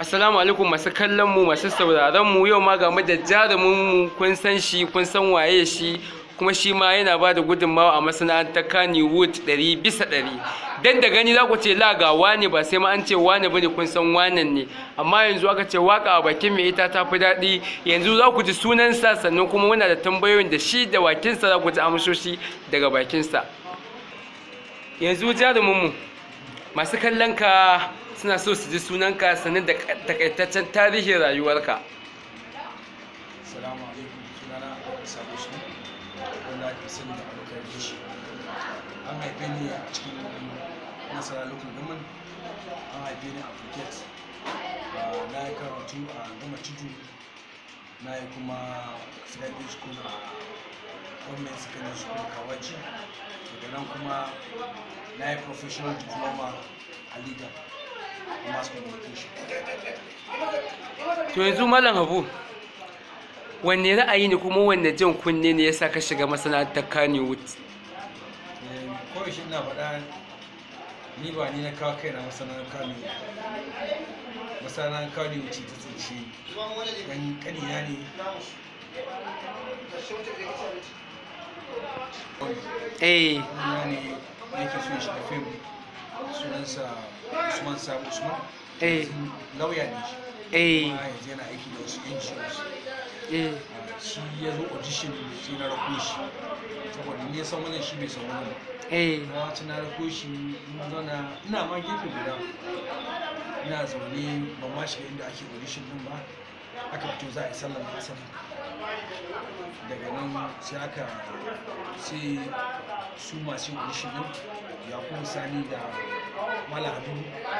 Assalamu alaikum masu kallon mu masu sauraron mu yau ma game da jarumin mu kun san shi kun san waye shi kuma shi ma yana ba da gudunmawa a masana'antar wood ɗari bisa ɗari. Dan da gani za ku ce la ga wane ba sai ma an ce wane bane kun san wanan ne amma yanzu aka ce waka a bakin mai ita ta fi daɗi yanzu za ku ji sunansa sannan kuma muna da tambayoyin da shi da wakinsa za ku ji amsoshi daga bakinsa. Yanzu jarumin mu masu kallon ka suna so su ji sunanka sannan da takaitaccen tarihin rayuwarka a cikin ah, na yi karatu a gama na yi kuma school a government secondary school kawaji daga nan kuma na yi professional diploma a leader to yanzu malam habu wanne ra'ayi ne kuma wanne jan kunne ne yasa ka shiga masana'antar kaniwood eh, kawai shi ina faɗa ni ba ni na kawo masana'antar masana'antar ta ne eh ne yake sunansa usman sabu usman eh. lauya ne shi eh. yanzu yana aiki da wasu ngos eh. ah, shi ya zo audition sai na rako shi saboda ni ya san wannan shi bai san wannan ba na wata na rako shi mun zauna ina ma gefe guda ina zaune ban ma shiga inda ake audition din ba aka fito za a yi sallar asali daga nan sai aka sai su masu yin ya kuma sani da mala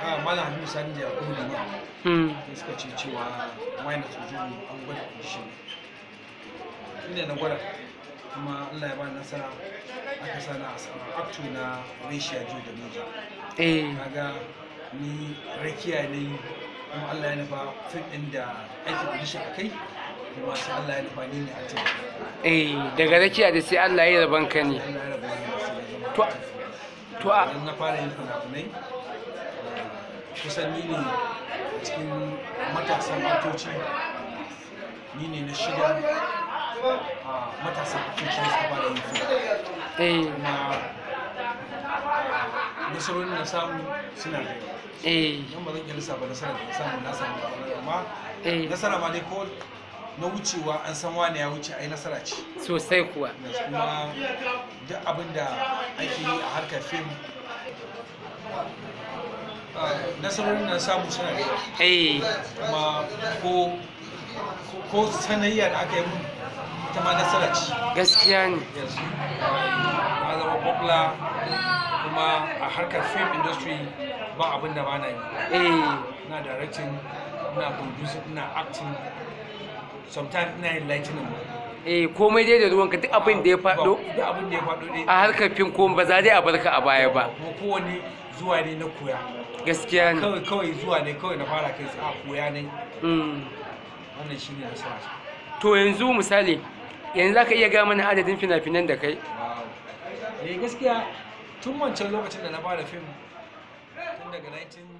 ah, malahadu sani da ya kuma liman da hmm. suka ce cewa wani su zo an gwada ne. inda na gwada kuma allah ya ba nasara aka sana a aktu na reshiya jiyo da nija eh. kaga ni rakiya ne kuma allah ya nufa fit ɗin da ake kudishin a kai eh daga rakiya da sai Allah ya raban ka ne to to a na fara yin fina-finai eh, kusan ni ne cikin matasan matoci ni ne na shida ah, matasan matoci suka fara yin fina eh. eh, nasarorin samu suna da yan nasarar da samu amma nasara ma dai ko na wucewa an san wane ya wuce a yi nasara ce sosai kuwa kuma duk abin da ake yi a harkar fim nasarorin na samu suna da kuma ko ko sanayya da aka yi mun ta ma nasara ce gaskiya ne ya um, zama popular kuma a harkar film industry ba abin da ba na yi na directing ina producing ina acting sometimes ina yin lightning eh komai dai da ruwanka duk abin da ya faɗo duk abin da ya faɗo dai a harkar fim ko ba za dai a barka a baya ba ko kowane zuwa ne na koya gaskiya ne kawai kawai zuwa ne kawai na fara kai a koya ne mm. wannan shine nasara to yanzu misali yanzu zaka iya ga mana adadin fina-finan da kai eh gaskiya tun wancan lokacin da na fara fim tun daga 19